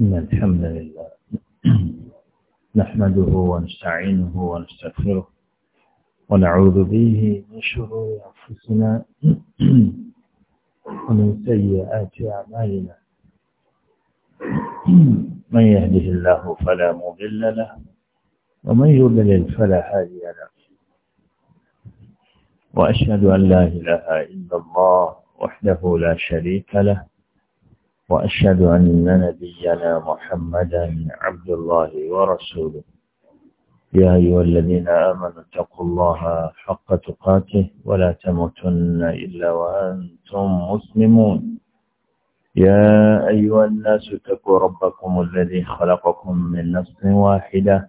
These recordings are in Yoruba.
إن الحمد لله نحمده ونستعينه ونستغفره ونعوذ به من شرور أنفسنا ومن سيئات أعمالنا من يهده الله فلا مضل له ومن يضلل فلا هادي له وأشهد أن لا إله إلا الله وحده لا شريك له وأشهد أن نبينا محمدا عبد الله ورسوله يا أيها الذين آمنوا اتقوا الله حق تقاته ولا تموتن إلا وأنتم مسلمون يا أيها الناس اتقوا ربكم الذي خلقكم من نفس واحدة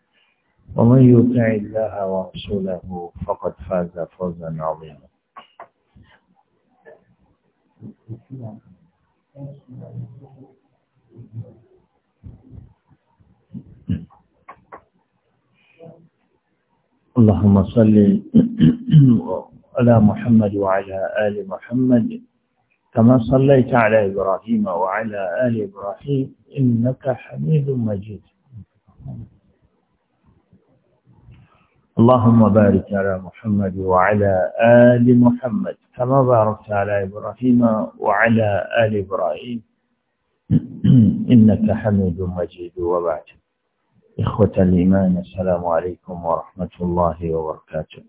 ومن يطع الله ورسوله فقد فاز فوزا عظيما اللهم صل على محمد وعلى آل محمد كما صليت على إبراهيم وعلى آل إبراهيم إنك حميد مجيد اللهم بارك على محمد وعلى آل محمد كما باركت على إبراهيم وعلى آل إبراهيم إنك حميد مجيد وبعد إخوة الإيمان السلام عليكم ورحمة الله وبركاته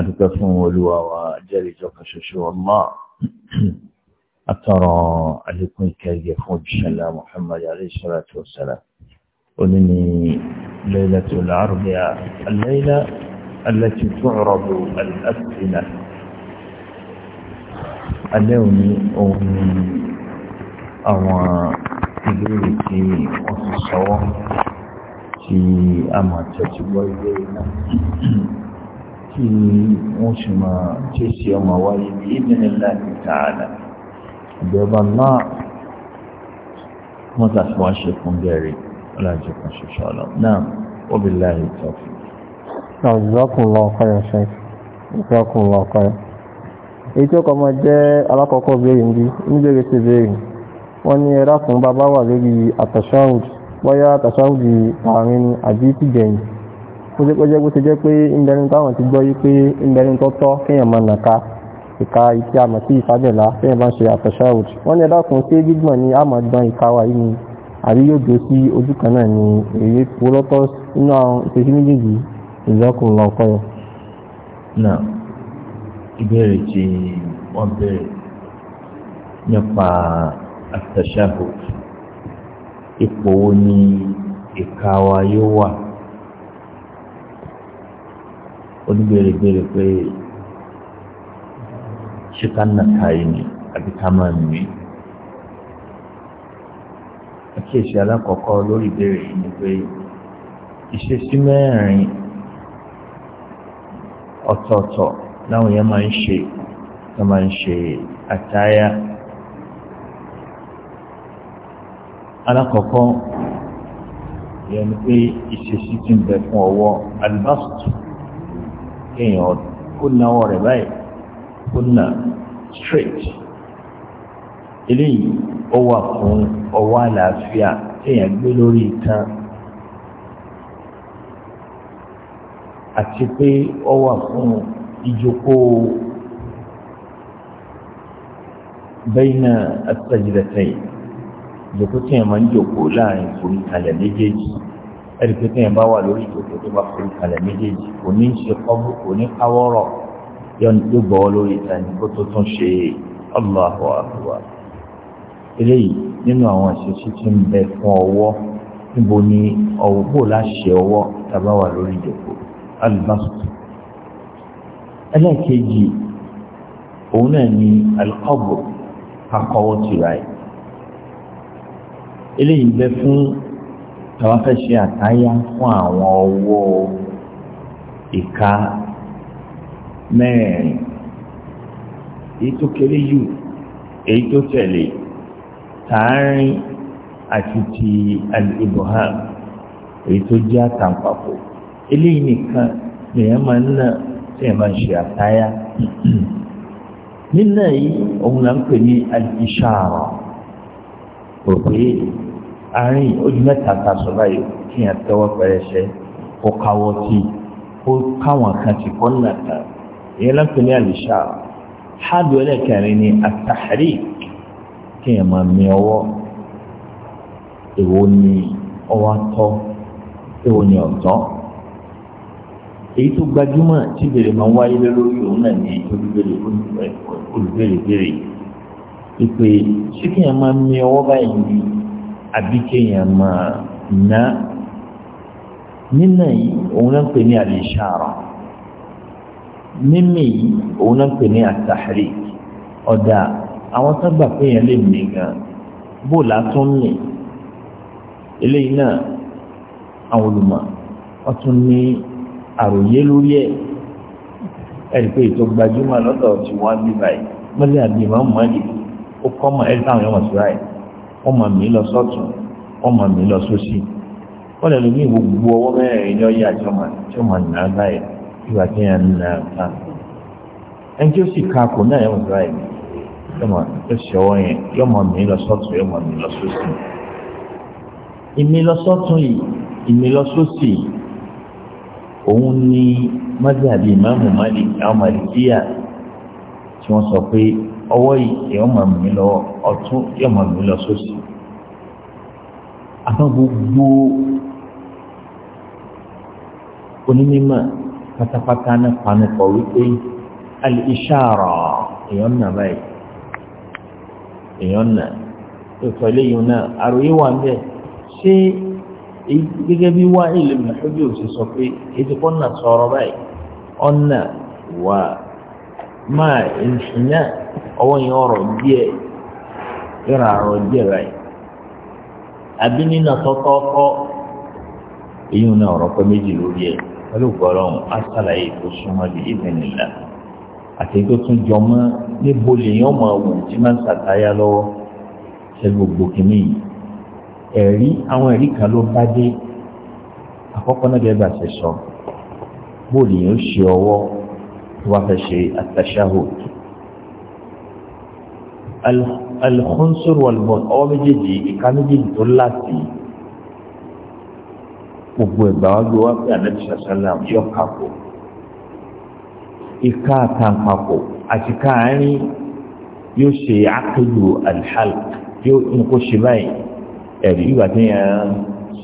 أدكفون ولوا وجري شو الله أترى عليكم كي يفوج محمد عليه الصلاة والسلام ونني ليلة العربية الليلة التي تعرض الأسئلة اليوم أمي أو إبريل في الصوم في أما تتبوي في موسم تيسي يوم والي بإذن الله تعالى بيض الله ما تسوى شيء من na- kan ṣoṣo ọ̀nà náà ó bí láàyè tó fi. Jazakallahu khairan Sheikh. Jazakallahu khairan. Èyí tí ó kọ́ máa béèrè níbi níbèrè sí béèrè. ní fún bàbá wà lórí bóyá àárín ni àbí tìjẹ̀yìn. Ó jẹ́ pé ó ṣe jẹ́ pé ìbẹ̀rin táwọn ti gbọ́ yí pé ìbẹ̀rin tó tọ́ kéèyàn máa nàka ìka ìkí àmọ̀ sí ìfàbẹ̀lá kéèyàn bá ń ṣe ní fún ṣé ni àmọ̀ gbọ́n ìka wà yìí ni àbí yóò dúró sí ojú kan náà ni èyí púrọ́tọ́ nínú àwọn ìṣesí méjèèjì ìzọ́kùnrin ọkọ yẹn. náà ìbéèrè tí wọ́n béèrè nípa àtẹ̀ṣàbò ipò wo ni ìka wa yóò wà oníbèrè béèrè pé ṣé ká nàka àkíyèsí alákọ̀ọ́kọ́ lórí ìbéèrè yìí ni pé ìṣesí mẹ́rin ọ̀tọ̀ọ̀tọ̀ láwọn èèyàn máa ń ṣe wọ́n máa ń ṣe àtáyà alákọ̀ọ́kọ́ ìyẹn ni pé ìṣesí ti ń bẹ fún ọwọ́ alibásùtù kéèyàn kó náwó rẹ̀ báyìí kó nà straight eléyìí ó wà fún ọwọ́ àlàáfíà téèyàn gbé lórí itan àti pé ó wà fún ìjókòó bẹ́yìn àtàjìdàtàyìn ìjókòó téèyàn máa ń jókòó láàrin forí kalẹ̀ méjèèjì ẹ̀rí pé téèyàn bá wà lórí ìjókòó tó bá forí kalẹ̀ méjèèjì kò ní ṣe kọ́bù kò ní káwọ́rọ̀ yóò gbọ́ lórí itan kó tó tún ṣe Allahu Akbar eléyìí nínú àwọn àṣìṣe tí ń bẹ fún ọwọ́ níbo ni ọwọ́ láṣẹ ọwọ́ tàbá wà lórí ìjòkó alùbásùtù ẹlẹ́ẹ̀kejì òun náà ni alùkọ́bù kakọ́wọ́ tìrà ẹ̀ eléyìí bẹ fún tàwa fẹ́ ṣe fún àwọn ọwọ́ ìka mẹ́rin èyí tó kéré yù èyí tó tẹ̀lé tààrin àti ti al-ibham èyí tó jẹ́ àtàǹpàpọ̀ eléyìí nìkan lèèyàn máa ń nà tí èèyàn máa ń ṣe àtáyà nínà yìí òun là ń pè ní al-ishara kò pé àárín ojú mẹ́ta ta sọ báyìí kí èèyàn tẹ́wọ́ pẹrẹsẹ kó káwọ́ tí kó káwọn kan ti kọ́ nà kan là ń pè ní al-ishara hádùú ẹlẹ́kẹrin ní at kéèyàn máa mi ọwọ́ èwo ni ọwọ́ atọ́ èwo ni ọ̀tọ́ èyí tó gbajúmọ̀ tí bèrè máa wáyé lórí òun náà ní olùbèrè olùbèrè bèrè ìpè ṣé kéèyàn máa mi ọwọ́ báyìí ni àbí kéèyàn máa ná nínà yìí òun náà pè ní àlìṣàrà mímì yìí òun náà pè ní àtàhírí ọ̀dà àwọn sábà pé yẹn lè mí gan bó látún mì eléyìí náà àwọn olùmọ̀ wọ́n tún ní àròyé lórí ẹ̀ ẹ̀rí pé ètò gbajúmọ̀ lọ́dọ̀ tí wọ́n bí báyìí mọ́lẹ́ àbí ìmọ̀ mọ́lì ó kọ́ mọ̀ ẹ̀rí táwọn yọmọ̀ sí ráì wọ́n mọ̀ mí lọ sọ́tún wọ́n mọ̀ mí lọ sósì wọ́n lè lómi gbogbo ọwọ́ mẹ́rin ní ọyẹ àti ọmọ tí ó mọ̀ nà báyìí ìwà tí yẹn nà á ẹni tí ó sì ka kò náà yọmọ̀ sí ráì yóò ṣe ọwọ́ yẹn yóò mọ̀ mí lọ sọ́tún yóò mọ̀ mí lọ sósì ìmí lọ sọ́tún yìí ìmí lọ sósì òun ni mọ́tàbí ìmáàmù Malik àwọn màlìkíyà tí wọ́n sọ pé ọwọ́ yìí yóò mọ̀ mí lọ ọ̀tún yóò mọ̀ mí lọ sósì àwọn gbogbo onímọ̀ pátápátá náà panu pọ̀ wípé al-ishara èèyàn nàbàyìí èèyàn nà ìfọ̀ eléyìí náà àròyé wà ń bẹ̀ ṣé gẹ́gẹ́ bí wá ìlú mẹ́fẹ́bí òsì sọ pé ètò kan náà sọ̀rọ̀ báyìí ọ̀nà wà máa ìṣìnà ọwọ́ yẹn ọ̀rọ̀ díẹ̀ ìrà àrọ̀ díẹ̀ báyìí àbí nínú tọ́tọ́tọ́ èyí náà ọ̀rọ̀ pẹ́ méjì lórí ẹ̀ pẹ̀lú gbọ́dọ̀ àṣàlàyé tó súnmọ́ ìbẹ̀nìlá àti tó tún jọ mọ́ níbo lèèyàn mọ̀ ọ̀wọ̀n tí máa ń sàtáyà lọ́wọ́ ṣe gbogbo kìíní yìí ẹ̀rí àwọn ẹ̀rí kan ló bá dé àkọ́kọ́ náà gẹ́gẹ́ bá ṣe sọ bó lèèyàn ṣe ọwọ́ tó wá fẹ́ ṣe àtàṣàhùd alkhonsor walmon ọwọ́ méjèèjì ìka méjèèjì tó láti gbogbo ẹ̀gbà wá wá pé ànábìsà sálàm yọ kàkó ìka àtàǹpàkò àti káàárín yóò ṣe àkèlò alhal yóò nǹkó ṣe báyìí ẹ̀rí ìgbà tí yẹn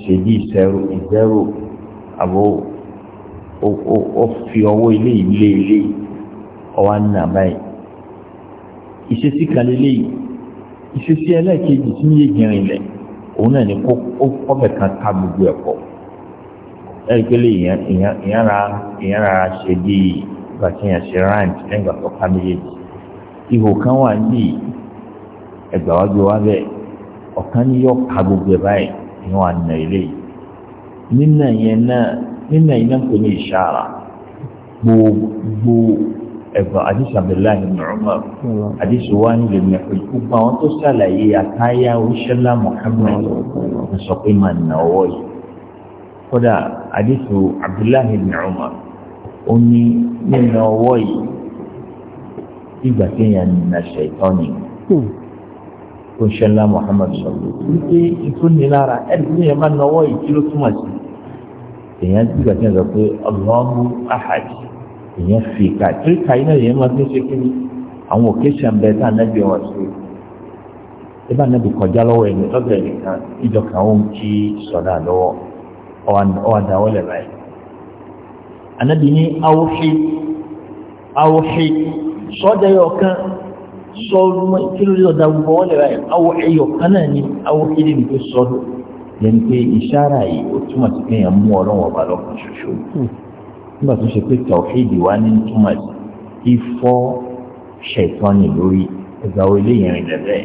ṣe bí ìṣẹ́rù ìṣẹ́rù àbò ó fi ọwọ́ ilé ilé ilé ọwọ́ nà báyìí ìṣesí kan lélẹ́yìí ìṣesí ẹlẹ́ẹ̀kejì tí ń yé jẹrin lẹ̀ òun náà ni kó ọbẹ̀ kan ká gbogbo ẹ̀kọ́ ẹ̀rí pé lè ìyára ìyára ṣe bíi ìgbà tí yẹn ṣe rand lẹ́gbà tó ká méjèèjì ihò kan wà ní ẹgbà wá gbé wá bẹ́ẹ̀ ọ̀kan ní yọ ká gbogbo ẹ̀ báyìí ni wọ́n á nà ilé yìí nínà yẹn náà nínà yẹn náà kò ní ìṣàrà gbogbo ẹgbà àdìsí abdullahi ibn umar àdìsí wa ní lè mẹ́fọ́ gbogbo àwọn tó ṣàlàyé àtàyà oṣìṣẹ́lá muhammed ń sọ pé màá nà ọwọ́ yìí kódà àdìsí abdullahi ibn umar ó ní nínú ọwọ́ yìí ìgbà kéèyàn nà ṣètọ́ ni hmm. ó ń ṣẹlá Muhammad sọ̀rọ̀ wípé ìfúnnilára ẹni tí yẹn máa nọwọ́ yìí kí ló túmọ̀ sí èèyàn ìgbà kéèyàn sọ pé Allahu ahad èèyàn fi ká tí ká iná yẹn máa fi ṣe kíni àwọn òkè ṣàǹbẹ tá ànábì wọn ṣe ìbá ànábì kọjá lọ́wọ́ ẹni lọ́dọ̀ ẹnìkan ìjọ kan ó ń kí sọ̀dá lọ́wọ́ ọ̀wà dáwọ́lẹ̀ báyìí anábì ní awuhi awuhi sọ́jà yọ kan sọ kí ló lọ́dà gbogbo wọ́n lè ra awuhi yọ kan náà ní awuhi lè nípe sọ́dọ̀ lẹ́nu pé ìṣára yìí ó túmọ̀ sí pé èèyàn mú ọlọ́run ọba lọ́kàn ṣoṣo hmm. nígbà tó ṣe pé tàwíìdì wá ní túmọ̀ sí fífọ́ ṣẹ̀tọ́nì lórí ẹgbà wo eléyìí rìn lẹ́lẹ́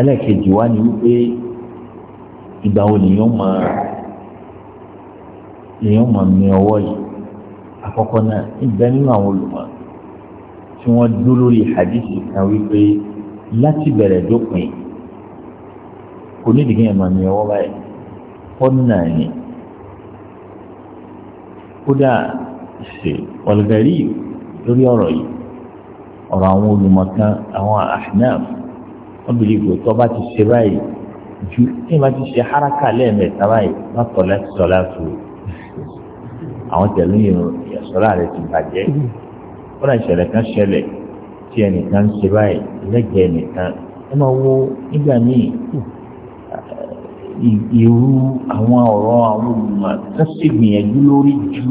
ẹlẹ́ẹ̀kejì wá ní wípé ìgbà wo nìyẹn máa lèyìn ọmọ mi ọwọ́ yìí àkọ́kọ́ náà ibẹ̀ nínú àwọn olùmọ̀ tí wọ́n dúró lórí hadith kan wípé láti bẹ̀rẹ̀ dópin kò ní ìdíkẹ́ ẹ̀mọ̀ mi ọwọ́ báyìí ọ̀nà ni kódà ṣe ọ̀lẹ́gẹ̀rí lórí ọ̀rọ̀ yìí ọ̀rọ̀ àwọn olùmọ̀kan àwọn ahnaf wọ́n bìrì pé bá ti ṣe báyìí ju tí wọ́n bá ti ṣe haraka lẹ́ẹ̀mẹ́ta báyìí wọ́n tọ̀ láti sọ láti wò àwọn tẹ̀lé ìyàsọ́lá rẹ̀ ti bàjẹ́ kódà ìṣẹ̀lẹ̀ kan ṣẹlẹ̀ tí ẹnìkan ṣe báyìí lẹ́gbẹ̀ẹ́ ẹnìkan ẹ máa wo nígbà míì irú àwọn ọ̀rọ̀ àwọn olùmọ̀ tó sì gbìyànjú lórí ju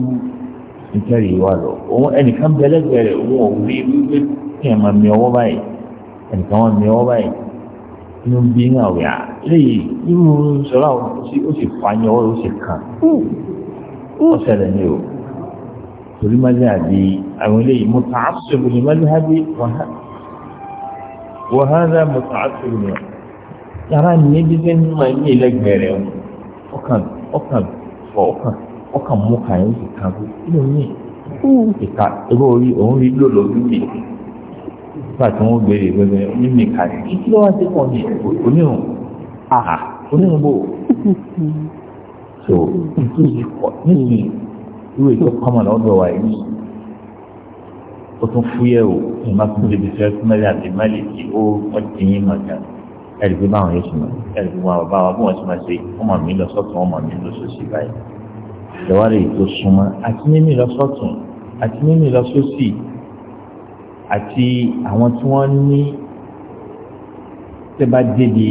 nítorí wa lọ òun ẹnìkan bẹ lẹ́gbẹ̀ẹ́ rẹ̀ òun ò rí wípé kí ẹ máa mi ọwọ́ báyìí ẹnìkan wọn mi ọwọ́ báyìí inú bí náà wíwá léyìí irú sọlá ó sì fà á ní ọwọ́ ó sì kàn ó ṣẹlẹ̀ ní o torí mazhabi àwọn eléyìí muta'assib ní mazhabi wa hadha muta'assib ní yàrá ní dídé ní ma ní ẹlẹgbẹrẹ ọkàn ọkàn fọ ọkàn ọkàn mú kàn yín sì kan kí ló ní ìka ebe orí òun rí lòlò lórí nígbà tí wọn gbére gbẹgbẹ mímì kàrí kí ló wá sí pọ̀ ní oníhùn oníhùn bò so ìdí ìkọ níyì irú ètò kọ́mọ̀ lọ́dọ̀ wa yìí ó tún fúyẹ́ o ìmọ̀ tó lè bí fẹ́ẹ́ fún mẹ́lẹ̀ àti mẹ́lẹ̀ tí ó wọ́n ti yín mọ̀ gan ẹ̀rí pé báwọn yóò ṣe mọ̀ ẹ̀rí pé wọn bá wa bí wọ́n ṣe máa ṣe ọmọ mi lọ sọ́tún ọmọ mi lọ sósì báyìí ìjọwárẹ̀ ètò súnmọ́ àti mímì lọ sọ́tún àti mímì lọ sósì àti àwọn tí wọ́n ní tẹ́ bá débi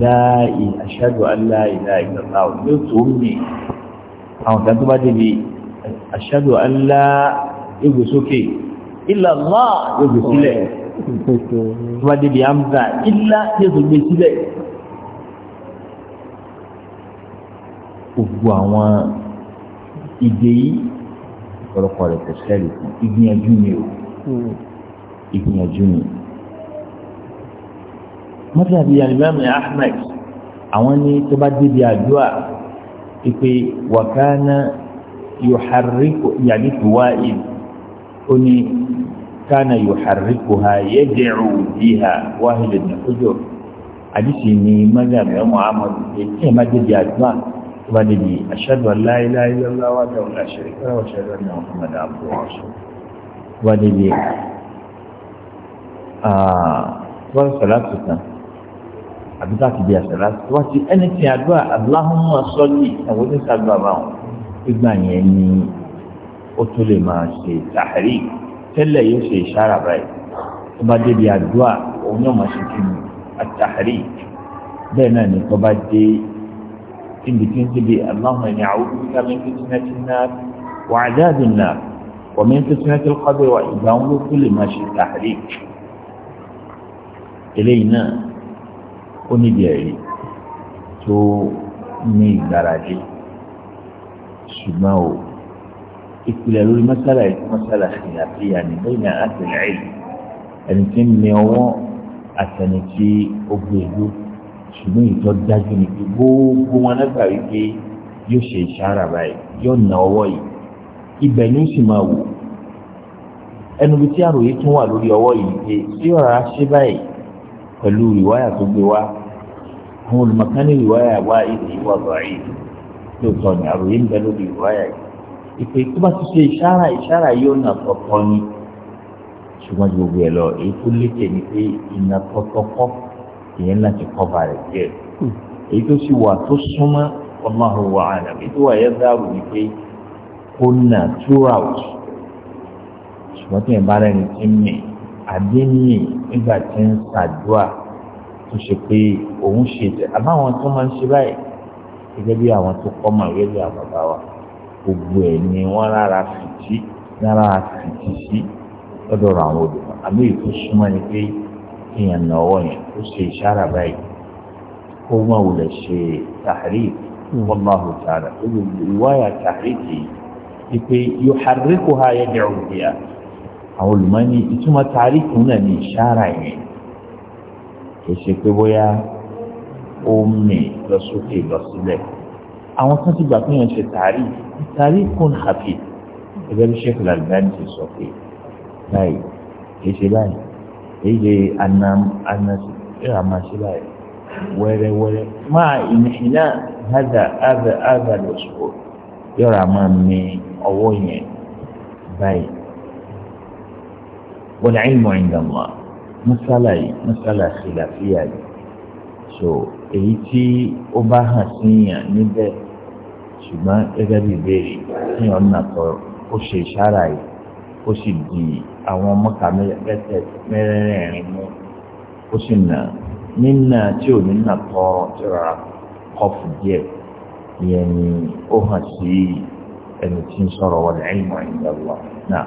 láì aṣáájú aláì láì lọ́la ò yóò tó mì àwọn kan tó bá débi aṣáájú alá egbò sókè ilà lọ́ egbò sílẹ̀ tó bá débi amza ilá yóò gbé sílẹ̀ gbogbo àwọn ìdè yìí ọ̀pọ̀lọpọ̀ rẹ̀ tẹ̀sílẹ̀ lè fún ìgbìyànjú ni o hmm. ìgbìyànjú ni o mọ́tàbí alimami ahmed àwọn ní tó bá débi àdúrà ìpè wàkánà yòhárìkò yàní tùwáì ó ní kánà yòhárìkò ha yẹ́dẹ̀rù bíhà wáhìlì nàkójọ àdìsí ní mọ́tàbí muhammad ètí ẹ̀ má débi àdúrà tó bá débi ashhadu an la ilaha illallah wahdahu la sharika lahu wa ashhadu anna muhammadan abduhu tó bá débi wọ́n ah, àbí ká ti di àṣàrà tí wọ́n ti ẹni tí àdúrà aláhùnmọ́ sọ́ọ̀lì àwọn oníṣàdúrà bá wọn gbígbà yẹn ni ó tún lè máa ṣe tàhírí tẹ́lẹ̀ yóò ṣe ìṣára báyìí tó bá débi àdúrà òun yóò máa ṣe kí ni àtàhírí bẹ́ẹ̀ náà ni tó bá dé níbi tí ń aláhùn ẹni àwọn oníṣàdúrà mi tó náà ti náà wà á dáàbì náà wọ́n ti náà ti kọ́ bẹ́ẹ̀ wà ìgbà wọn ló tún lè máa ṣe tàhírí eléyìí náà ó níbi ẹ̀rí tó ní ìgbáradì ṣùgbọ́n o ìpìlẹ̀ lórí mọ́sálà yìí mọ́sálà sì àfihàn ní àtẹ̀lẹ́ ẹ̀yìn ẹni tí ń mi ọwọ́ àtẹni tí ó gbé ìlú e ṣùgbọ́n ìtọ́ dájú ni pé gbogbo wọn lágbà wípé yóò ṣe ìṣàrà báyìí yóò na ọwọ́ yìí ibẹ̀ ni ó sì máa wò ẹnu bí tí àròyé tún wà lórí ọwọ́ yìí pé tí ọ̀rá ṣe báyìí pẹ̀lú ìwáyà tó gbé wá àwọn olùmọ̀kánì ìwáyà wá ìdè ìwà bàáyì tó sọ ní àròyé ń bẹ lórí ìwáyà yìí ìpè tó bá ti ṣe ìṣára ìṣára yóò nà tọ̀tọ̀ ni ṣùgbọ́n ju gbogbo ẹ̀ lọ èyí tó lékè ni pé ìnà tọ̀tọ̀ kọ́ ìyẹn láti kọ́ bá rẹ̀ díẹ̀ èyí tó sì wà tó súnmọ́ wallahu a'lam èyí tó wà yẹ dáàbò ni pé kó nà throughout ṣùgbọ́n tí ẹ̀ bá rẹ̀ ní ti mì àdé mì nígbà tí ń ṣàdúà tó ṣe pé òun ṣe tẹ àbáwọn tó máa ń ṣe báyìí gẹ́gẹ́ bí àwọn tó kọ́ mọ̀ gẹ́gẹ́ bí àwọn bàbá wa gbogbo ẹ̀ ni wọ́n rárá fìtí rárá fìtí sí lọ́dọ̀ àwọn olùkọ́ àmì ètò súnmọ́ ni pé èèyàn náwó yẹn ó ṣe ìṣára báyìí kó má wulẹ̀ ṣe tàhárí wọ́n máa hù tààrà ó lè wáyà tàhárí kì í pé yóò harí kó ha yẹ dẹ̀rù bíyà àwọn olùmọ́ni ìtumọ̀ tàríkù náà ní ìṣára yẹn kìí ṣe pé bóyá ó mì lọ sókè lọ sílẹ̀ àwọn kan ti gbà pé yẹn ṣe tàrí tàríkù hàfi ẹgbẹ́ bí Sheikh Al-Albani ti sọ pé báyìí kìí ṣe báyìí èyí ṣe anasi ẹ̀rọ àmà ṣe báyìí wẹ́rẹ́wẹ́rẹ́ máa ìnìyàn hádà ádà ádà lọ́sọ̀rọ̀ yọ̀rọ̀ àmà mi ọwọ́ yẹn báyìí. والعلم عند الله مسألة مسألة خلافية so èyí tí ó bá hàn síyàn níbẹ̀ ṣùgbọ́n gẹ́gẹ́ bí ìbéèrè síyàn ọ̀nà tó ó ṣe ìṣára yìí ó sì di àwọn mọ́ta mẹ́rẹ̀ẹ̀rin mú ó sì nà nínà tí ò nínà tọ́ tí rárá kọ́fù díẹ̀ ìyẹn ni ó hàn sí ẹni tí ń sọ̀rọ̀ wal ilmu inda Allah náà.